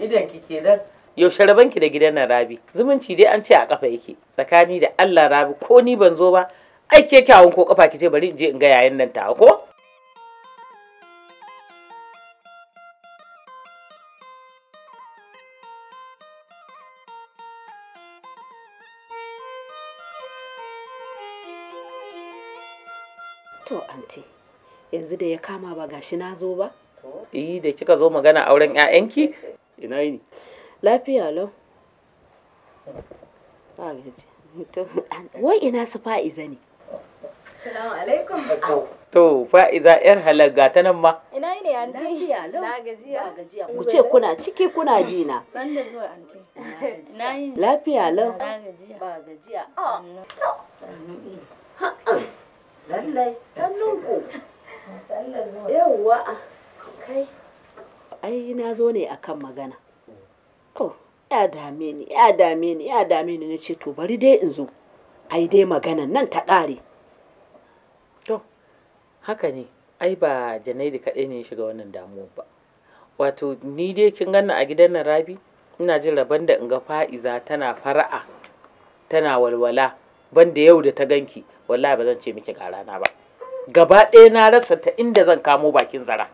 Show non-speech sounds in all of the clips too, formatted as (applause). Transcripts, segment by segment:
idan ki kenan yaushe rabanki da gidan nan rabi zumunci dai an ce a kafa yake tsakani da Allah rabi ko ni ban zo ba ai ke kyawun ko kafa kice bari in je in ga yayin nan ta ko To, anti, yanzu da ya kama ba gashi na zo ba? Iyi eh, da kika zo magana auren 'ya'yanki ina yi lafiya lau wai ina su fa'iza ne Salamu alaikum. To fa'iza yar halaga ta nan ma. Ina yi ne anti? Lafiya lau. Na gajiya. gajiya. Ku ce kuna ciki kuna jina. na. San da zuwa anti. Na yi. Lafiya lau. Na gajiya. Ba gajiya. Ah, Lallai sannu ku. Yawwa. kai ai na zo ne akan magana to ya dame ni ya dame ni ya dame ni na to bari dai in zo ai dai maganan nan ta ƙare to haka ne ai ba janairu kaɗai ne ya shiga wannan damuwa ba wato ni dai kin ganna a gidan nan rabi ina jin rabon da in ga fa'iza tana fara'a tana walwala banda yau da ta ganki wallahi ba zan ce miki ga rana ba gaba ɗaya na rasa ta inda zan kamo bakin zara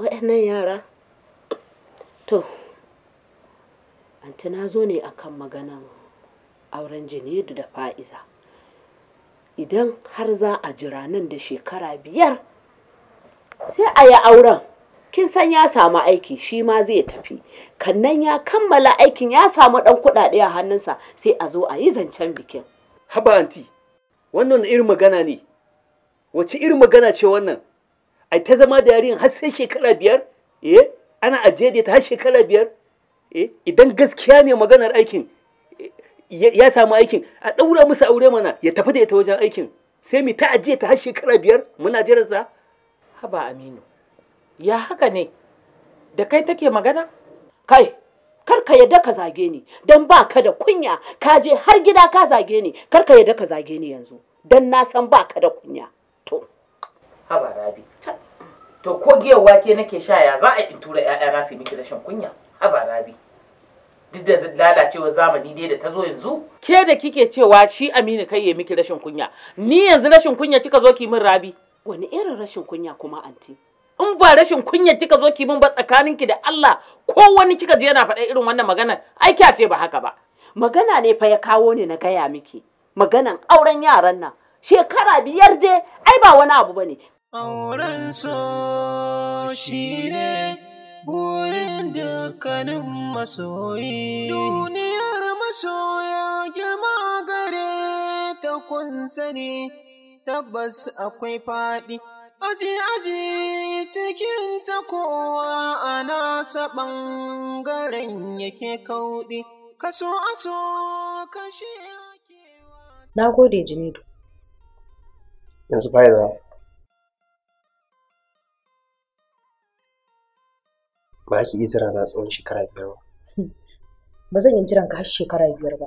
waɗannan yara to anti na zo ne akan maganan auren Junaidu da fa'iza idan har za a jira nan da shekara biyar sai a yi auren kin san ya samu aiki shi ma zai tafi kannan ya kammala aikin ya samu ɗan kuɗaɗe a hannunsa sai a zo a yi zancen bikin haba anti wannan irin magana ne wace irin magana ce wannan ai ta zama da yarin har sai shekara biyar eh ana ajiye da ta har shekara biyar eh idan gaskiya ne maganar aikin ya samu aikin a ɗaura musu aure mana ya tafi da ita wajen aikin sai mu ta ajiye ta har shekara biyar muna jiransa haba aminu ya haka ne da kai take magana kai kar ka yadda ka zage ni dan ba ka da kunya ka je har gida ka zage ni kar ka yadda ka zage ni yanzu dan na san ba ka da kunya to haba rabi to ko giyar wake nake sha ya za a in tura ƴaƴana su miki rashin kunya haba rabi duk da lalacewar zamani dai da ta zo yanzu ke da kike cewa shi Aminu kai ya miki rashin kunya ni yanzu rashin kunya kika zo ki min rabi wani irin rashin kunya kuma anti in ba rashin kunya kika zo ki min ba ki da Allah ko wani kika je yana faɗa irin wannan maganar ai kya ce ba haka ba magana ne fa ya kawo ni na gaya miki maganan auren yaran nan shekara biyar dai ai ba wani abu bane auren so shi ne burin dukkanin masoyi. Duniyar masoya girma gare ta kun sani, tabbas akwai faɗi. Aji aji cikin ta kowa a nasa ɓangaren yake kauɗi, kaso aso kashi Na gode Jimidu. Yanzu bai ba ki iya jira na tsawon shekara biyar ba ba zan yi jiran ka har shekara biyar ba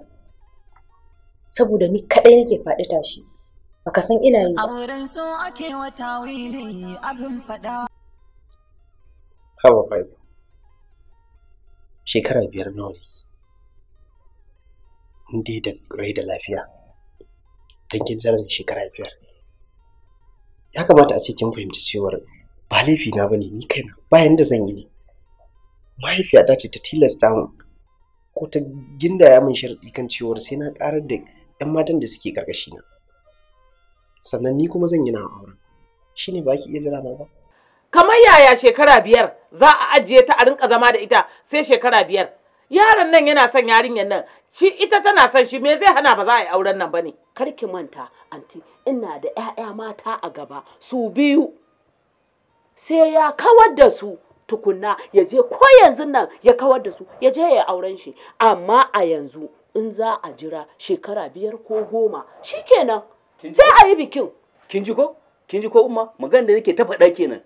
saboda ni kadai nake faɗi tashi baka san ina yi ba auren so ake wata wili abin faɗa haba bai shekara biyar nawa ne in dai da rai da lafiya don kin jira shekara biyar ya kamata a ce kin fahimci cewar ba laifi na bane ni kaina bayan da zan yi ne mahaifiyata ce ta tilasta min ko ta ginda ya min sharaɗi kan cewar sai na ƙarar da ƴan matan da suke ƙarƙashina sannan ni kuma zan yi na auren shi ne ba ki iya jira na ba kamar yaya shekara biyar za a ajiye ta a rinka zama da ita sai shekara biyar yaron nan yana son yarinyar nan ci ita tana son shi me zai hana ba za a yi auren nan bane kar ki manta anti ina da 'ya'ya mata a gaba su biyu sai ya kawar da su tukunna ya je ko yanzu nan ya kawar da su ya je ya auren shi amma a yanzu in za a jira shekara biyar ko goma shikenan sai a yi bikin kin ji ko kin ji ko umma magana da nake ta faɗa kenan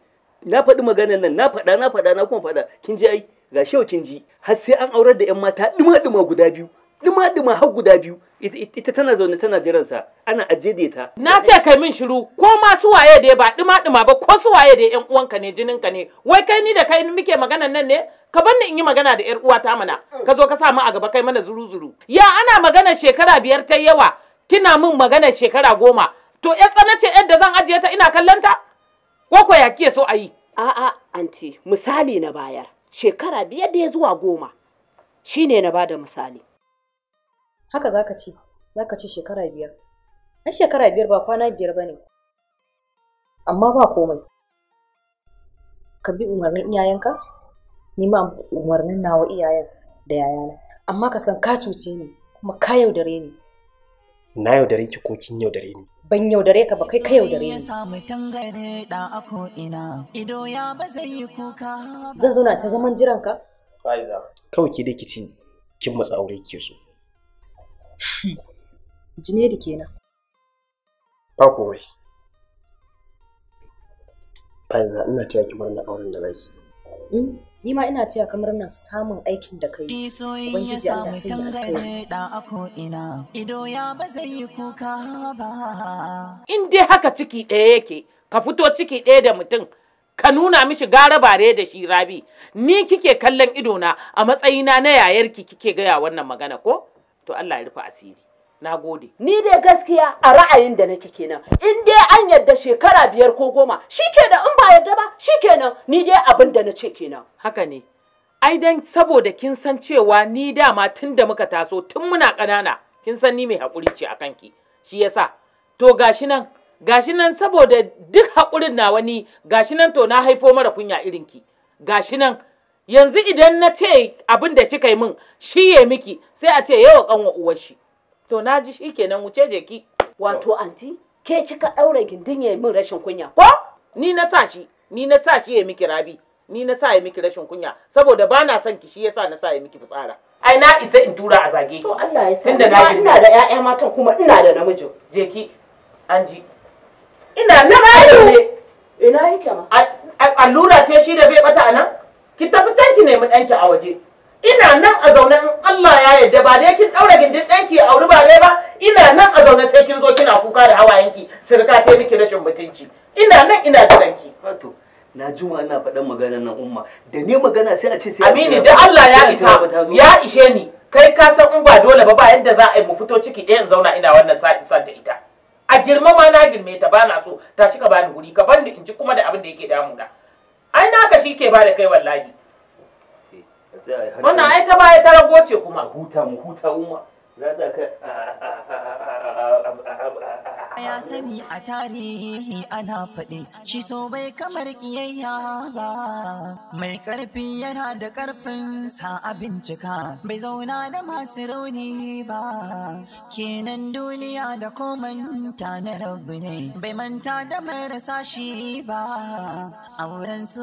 na faɗi maganar nan na faɗa na faɗa na kuma faɗa kin ji ai ga shewa kin ji har sai an aurar da yan mata dima-dima guda biyu dima-dima har guda biyu ita tana zaune tana jiransa ana ajiye da ita na ce kai min shiru ko ma su waye dai ba dima-dima ba ko su waye dai yan uwanka ne ka ne wai kai ni da kai muke magana nan ne ka bar ni in yi magana da yar uwata mana ka zo ka sa mu a gaba kai mana zuru-zuru ya ana magana shekara biyar ta yawa kina min magana shekara goma to yar tsana ce yadda zan ajiye ta ina kallon ta ko ko ya kiye so a yi a'a anti misali na bayar shekara biyar da ya zuwa goma shine na bada misali haka zaka ce zaka ce shekara biyar ai shekara biyar ba kwana biyar bane amma ba komai ka bi umarnin iyayenka ni ma umarnin nawa iyayen da yayana amma ka san ka cuce ni kuma ka yaudare ni na yaudare ki ko kin yaudare ni ban yaudare ka ba kai ka yaudare ni zan zauna ta zaman jiranka kawai ki dai ki ci kin matsa aure ke so Hmm. Junairu kenan. Ba komai. Faiza ina taya ki murnar auren da zaki. Hmm. Ni ma ina taya kamar na samun aikin da kai. Ubangiji Allah sai ya kai. Da ako ina. Ido ya ba zai yi kuka ba. In dai haka ciki ɗaya yake, ka fito ciki ɗaya da mutum, ka nuna mishi gara bare da shi rabi ni kike kallon idona a matsayina na yayarki kike gaya wannan magana ko? to Allah ya rufe asiri na gode ni dai gaskiya a ra'ayin da nake kenan in dai an yadda shekara biyar ko goma shikenan in ba yadda ba shikenan ni dai abin da nace kenan haka ne ai dan saboda kin san cewa ni dama tun da muka taso tun muna ƙanana kin san ni mai haƙuri ce akan ki shi yasa to gashi nan gashi nan saboda duk haƙurin na wani gashi nan to na haifo mara kunya irin ki gashi nan yanzu idan na ce abin da kika yi min shi ya miki sai a ce yawa kanwa uwar shi to na ji shi kenan wuce je ki wato anti ke kika daura gindin ya min rashin kunya ko ni na sa shi ni na sa shi ya miki rabi ni na sa ya miki rashin kunya saboda ba na son ki shi yasa na sa ya miki fitsara ai na isa in tura a zage to Allah ya sa tunda na ina da ƴaƴa mata kuma ina da namijin je ki an ji ina na ina yake ma allura ce shi da bai bata anan ki tafi can ki nemi ɗanki a waje ina nan a zaune in Allah ya yarda ba dai kin daura gindin ɗanki a wuri ba dai ba ina nan a zaune sai kin zo kina kuka da hawayenki sirka ta miki rashin mutunci ina nan ina jiranki wato na juma ina faɗan magana nan umma da ni magana sai a ce sai Amini da Allah ya isa ya ishe ni kai ka san in ba dole ba ba yadda za a yi mu fito ciki ɗaya in zauna ina wannan sa'in san da ita a girmama na girme ta bana so tashi ka bani wuri, ka bani in ji kuma da abin da yake damu na ai naka shi ke ba da kai wallahi eh, wannan ai ta baya ta rago ce kuma huta mu huta umma za ta kai ya sani a tarihi ana faɗi shi so bai kamar kiyayya ba mai ƙarfi yana da ƙarfin sa a bincika bai zauna da masu rauni ba kenan duniya da komanta na rabu ne bai manta da marasa shi ba auren su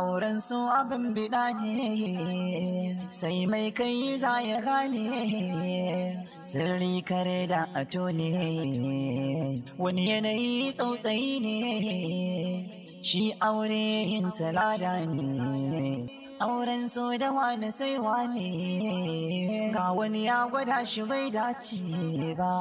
auren su abin bida ne sai mai kai za ya gane sirri kare da ato ne wani yanayi tsautsayi ne shi aure yin salada ne auren so da wani saiwa ne ga wani ya gwada shi bai dace ba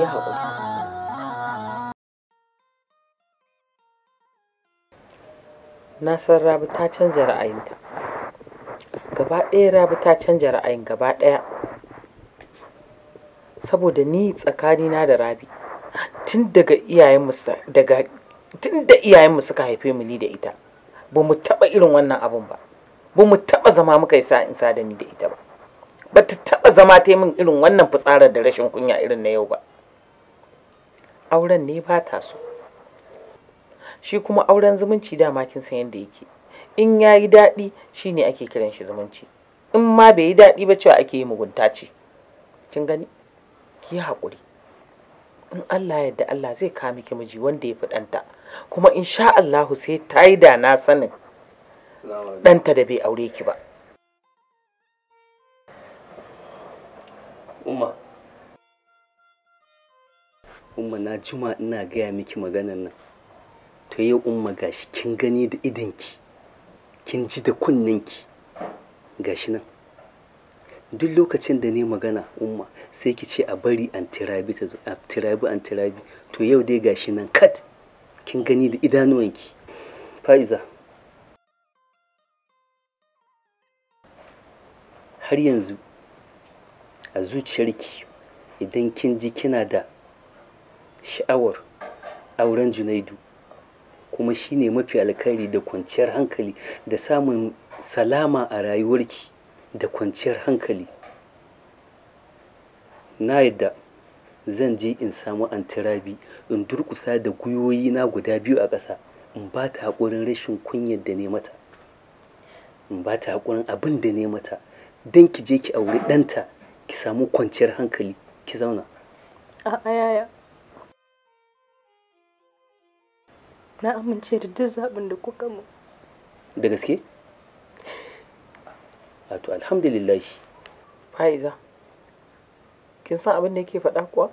ya na san rabi ta canza ra'ayinta gaba ɗaya rabi ta canza ra'ayin gaba ɗaya saboda ni tsakanina da rabi tun daga iyayenmu da iyayenmu suka haife mu ni da ita ba mu taɓa irin wannan abun ba ba mu taɓa zama muka yi sa'in da ni da ita ba ba ta taɓa zama ta min irin wannan fitsarar da rashin kunya irin na yau ba auren ne ba ta so shi kuma auren zumunci dama kin san yadda yake in ya yi daɗi shine ake kiran shi zumunci in ma bai yi daɗi ba cewa ake yi mugunta ce kin gani ki haƙuri in Allah yadda Allah zai kawo miki miji wanda ya fi ɗanta kuma in sha Allahu sai ta yi da na sanin ɗanta da bai aure ki ba. Umma, Umma na juma ina gaya miki maganar nan. to yau umma gashi kin gani da idinki kin ji da kunninki gashi nan duk lokacin da ne magana umma sai ki ce a bari an tirabi ta a tirabi an tirabi to yau dai gashi nan kat kin gani da idanuwanki fa'iza har yanzu a zuciyarki idan kin ji kina da sha'awar auren junaidu kuma shine mafi alkhairi da kwanciyar hankali da samun salama a rayuwarki da kwanciyar hankali na yadda zan je in samu antirabi in durkusa da gwiwoyi na guda biyu a ƙasa in ba ta haƙurin rashin kunyar da ne mata in ba ta haƙurin abin da ne mata don ki je ki auri ɗanta ki samu kwanciyar hankali ki zauna a ayaya na amince da duk zaɓin da kuka mu da gaske wato alhamdulillah fa'iza kin san abin da yake faɗa kuwa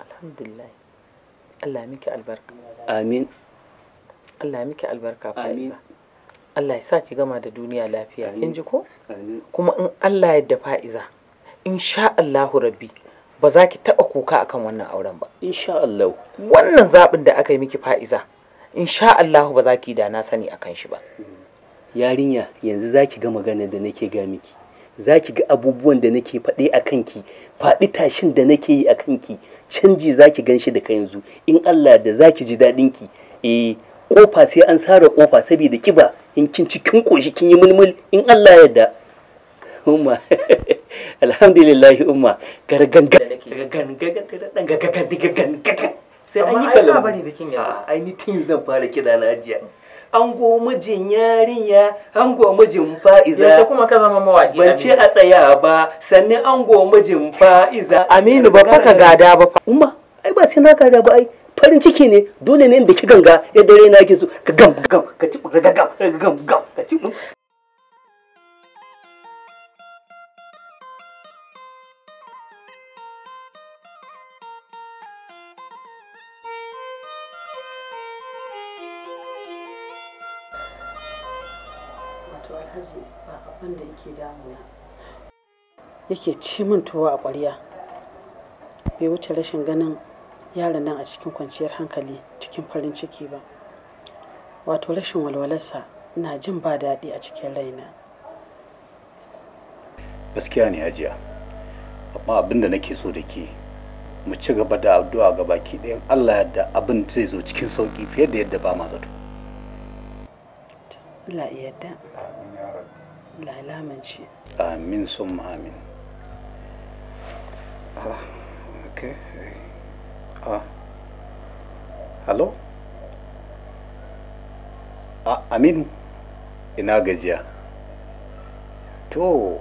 alhamdulillah Allah ya miki albarka amin Allah ya miki albarka fa'iza Allah ya sa ki gama da duniya lafiya kin ji ko kuma in Allah ya da fa'iza insha Allahu rabbi ba za ki taɓa kuka akan wannan auren ba insha Allah wannan zaɓin da aka yi miki fa'iza insha Allahu ba za ki da na sani akan shi ba yarinya yanzu za ki ga magana da nake ga miki za ki ga abubuwan da nake faɗe a kanki faɗi tashin da nake yi a kanki canji za ki gan shi da yanzu in Allah da za ki ji daɗin ki eh kofa sai an sare kofa saboda kiba in kin cikin koshi kin yi mulmul in Allah ya da (laughs) alhamdulillahi umma garganga sai an yi kalam ba ne bikin yanzu ai ni tin zan fara kiɗa na ajiya an go mijin yarinya an go mijin fa'iza yaushe kuma ka zama mawaki ban ce a tsaya ba sannan an go mijin fa'iza aminu ba fa ka gada ba fa umma ai ba sai na gada ba ai farin ciki ne dole ne da ki ganga yadda rai na ke so ka gam gam ka ci gam gam gam ka ci wato alhaji ba abin da yake damuna yake ci min tuwo a ƙwarya bai wuce rashin ganin yaron nan a cikin kwanciyar hankali cikin farin ciki ba wato rashin walwalarsa na jin ba daɗi a cikin raina gaskiya ne ajiya amma abin da nake so da ke mu ci gaba da addu'a ga baki ɗayan allah yadda abin zai zo cikin sauƙi fiye da yadda ba ma zato Allah ya yarda Allah amin summa amin ah ok, ah hello ah aminu ina gajiya to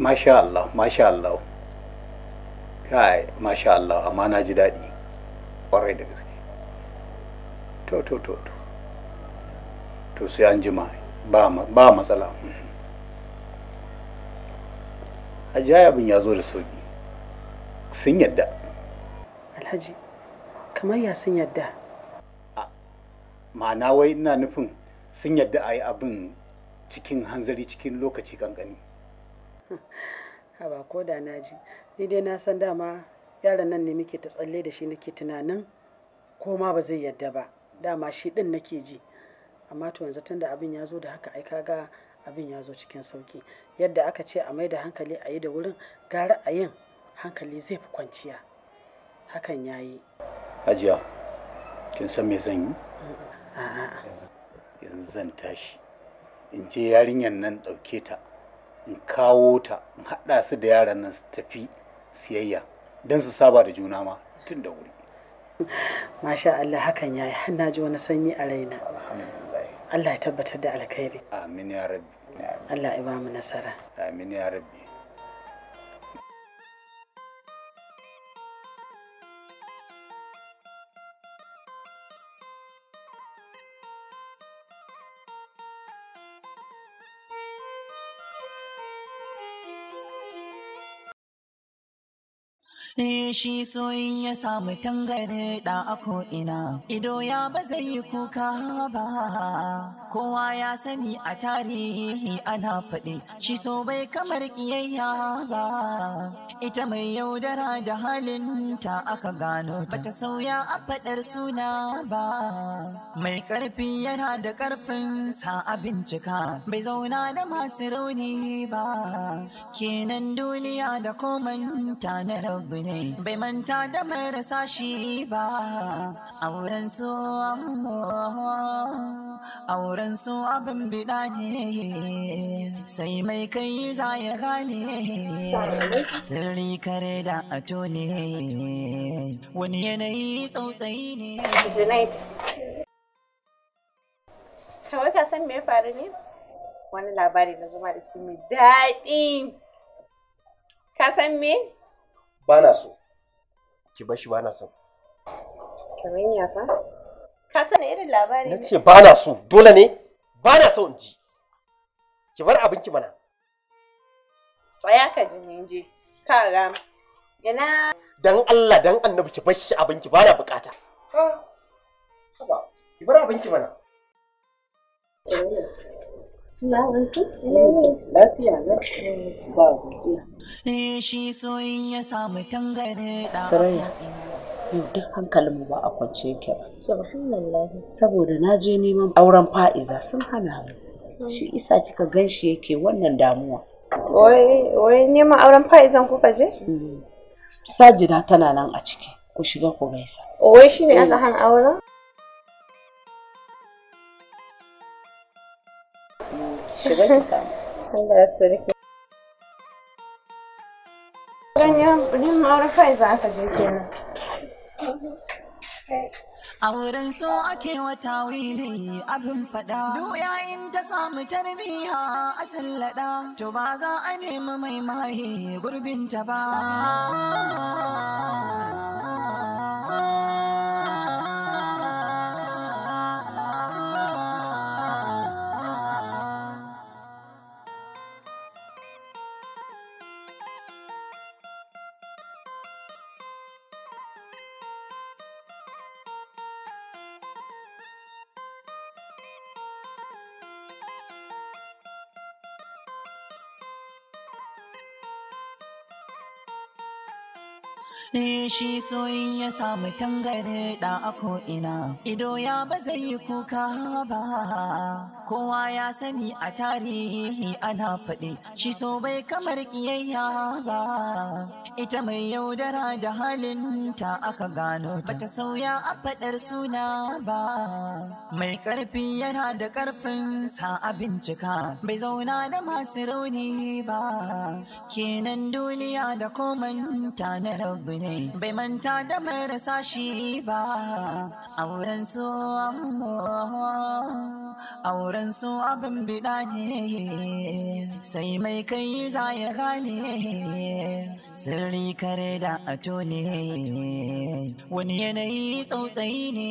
masha Allah masha Allah kai masha Allah amma na ji daɗi ƙwarai da gaske to to to to to sai an jima ba matsala hajji abin ya zo da sauki sun yadda alhaji kamar ya sun yadda ma'ana wai ina nufin sun yadda ayi abin cikin hanzari cikin lokaci kankani (laughs) ba ko da na ji ni dai na san dama yaran nan ne muke ta tsalle da shi nake tunanin ko ma ba zai yadda ba dama shi din nake ji amma to yanzu tunda abin ya zo da haka ai kaga abin ya zo cikin sauki yadda aka ce a maida da hankali a yi da wurin gara a yin hankali zai fi kwanciya hakan ya yi hajiya kin san me zan yi yanzu zan tashi in je yarinyar nan ɗauke ta in kawo ta in haɗa su da yaran nan su tafi siyayya don su saba da juna ma tun da wuri masha Allah hakan ya yi har ji wani sanyi a raina Allah ya tabbatar da alkhairi amin ya rabbi Allah ya ba mu nasara amin ya rabbi shi soyin ya samu tangare da a ko'ina ido ya ba zai yi kuka ba kowa ya sani a tarihi ana faɗi shi so bai kamar kiyayya ba ita mai yaudara da halin ta aka gano ta. ta sauya a faɗar suna ba mai ƙarfi yana da ƙarfin sa a bincika bai zauna da masu rauni ba kenan duniya da komanta na rabu ne bai manta da marasa shi ba auren su auren su abin bida ne sai mai kai za ya gane sirri kare da ato ne wani yanayi tsautsayi ne kawai ka san me ya faru ne wani labari na zuma da shi mai daɗi ka san me ba na so ki bar shi ba na son kamar ya fa ka sani irin labari ne nace na so dole ne Ba na so in ji ki bar abin ki mana tsaya ka ji ne je ka ga Ina dan Allah dan annabi ki bar shi abin ki na bukata oh. ha ki bar abin ki mana Shi soyin ya samu Saraya, yau duk hankalinmu ba a kwance yake ba. Saboda na je neman auren fa'iza sun hana mu. Hmm. Shi isa kika gan shi yake wannan damuwa. Wai neman auren fa'izan kuka je? Hmm. Sajida tana nan a ciki, ku shiga ku gaisa. Wai shi ne aka hmm. hana auren? shiga je A wurin so ake wata wili abin fada. Doya ta samu tarbiya a sallada, to ba za a nemi mai maye gurbinta ba. shi soyin ya samu tangare da a ko'ina ido ya ba zai yi kuka ba kowa ya sani a tarihi ana faɗi shi so bai kamar kiyayya ba ita mai yaudara da halin ta aka gano ta sauya a faɗar suna ba mai ƙarfi yana da ƙarfin sa a bincika bai zauna da masu rauni ba kenan duniya da komanta na rabu ne bai manta da marasa shi ba auren su auren su abin bida ne sai mai kai za ya gane sirri kare da ato ne wani yanayi tsautsayi ne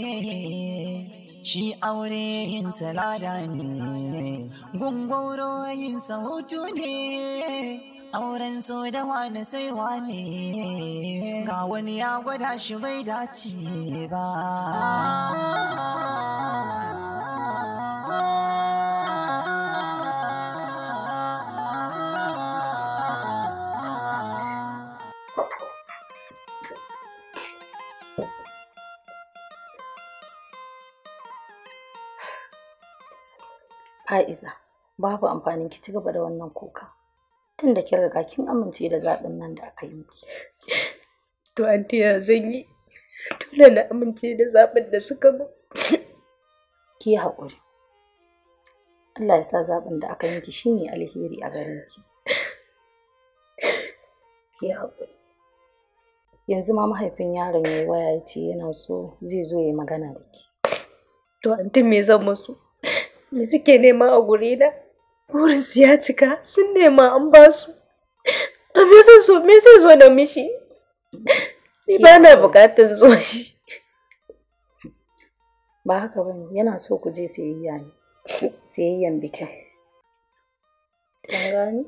shi aure yin salada ne gungoro yin sautu ne auren so da wani sai wani ga wani ya gwada shi bai dace ba Fa'iza, babu amfanin ki ci gaba da wannan kuka. Tunda kin riga kin amince da zaɓin nan da aka yi miki. To anti ya zan yi dole na amince da zaɓin da suka ba. (laughs) Ki haƙuri. Allah ya sa zaɓin da aka yanki shine alheri a gare ki. Ki haƙuri. Yanzu ma mahaifin yaron ya waya ya ce yana so zai zo ya magana da ki. To anti me zan musu? Me suke nema a gurina? burinsu ya cika sun nema an ba su to me zai zo me zai zo da mishi ni ba na bukatun zuwa shi ba haka ne, yana so ku je sayayya ne sayayyan bikin gani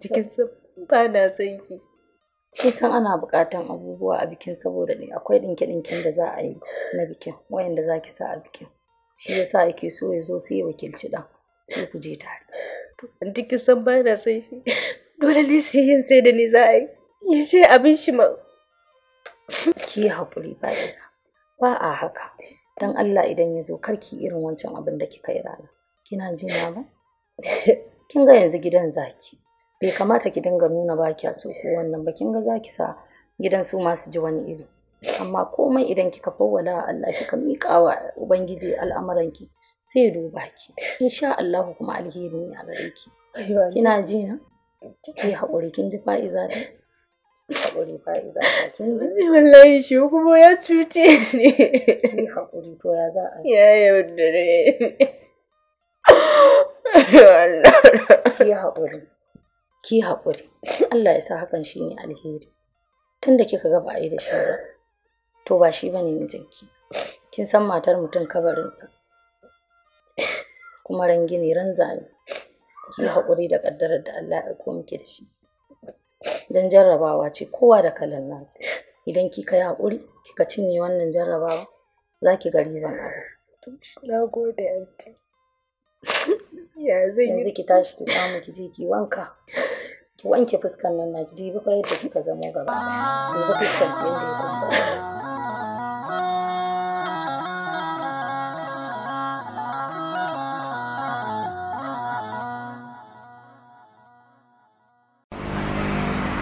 jikin sa ba na son ki san ana bukatan abubuwa a bikin saboda ne akwai dinke dinken da za a yi na bikin wayanda za ki sa a bikin shi yasa yake so ya zo sai ya wakilci dan sai ku je tare an kin san ba na san shi (laughs) dole ne sai yin sai da ni za a yi ya ce abin shi ma ki haƙuri ba ba a haka dan Allah idan ya zo karki irin wancan abin da kika yi rana kina ji na ba (laughs) kin ga yanzu gidan zaki bai kamata ki dinga nuna ba kya so ko wannan ba kin ga zaki sa gidan su masu ji wani iri amma komai idan kika fawwala Allah kika miƙawa wa ubangiji al'amuranki sai duba ki insha Allah kuma alheri ne a gare ki kina ji na ki haƙuri kin ji fa'iza ta haƙuri fa'iza ta kin ji wallahi shi kuma ya cuce ni ki haƙuri to ya za a ya yaudare ki haƙuri ki hakuri Allah ya sa hakan shi ne alheri tunda kika ga ba'i a yi da shi ba to ba shi bane mijinki kin san matar mutum kabarinsa kuma rangini ranzani ki haƙuri da ƙaddarar da Allah ya aiko miki da shi dan jarrabawa ce kowa da kalan nasu idan kika yi haƙuri kika cinye wannan jarrabawa za ki ga riban abu na gode anti (laughs) ya zai yanzu ki tashi ki samu ki je ki wanka ki wanke fuskan nan na ki dibi fa yadda kika zama gaba ki dibi fuskan yadda ya kuma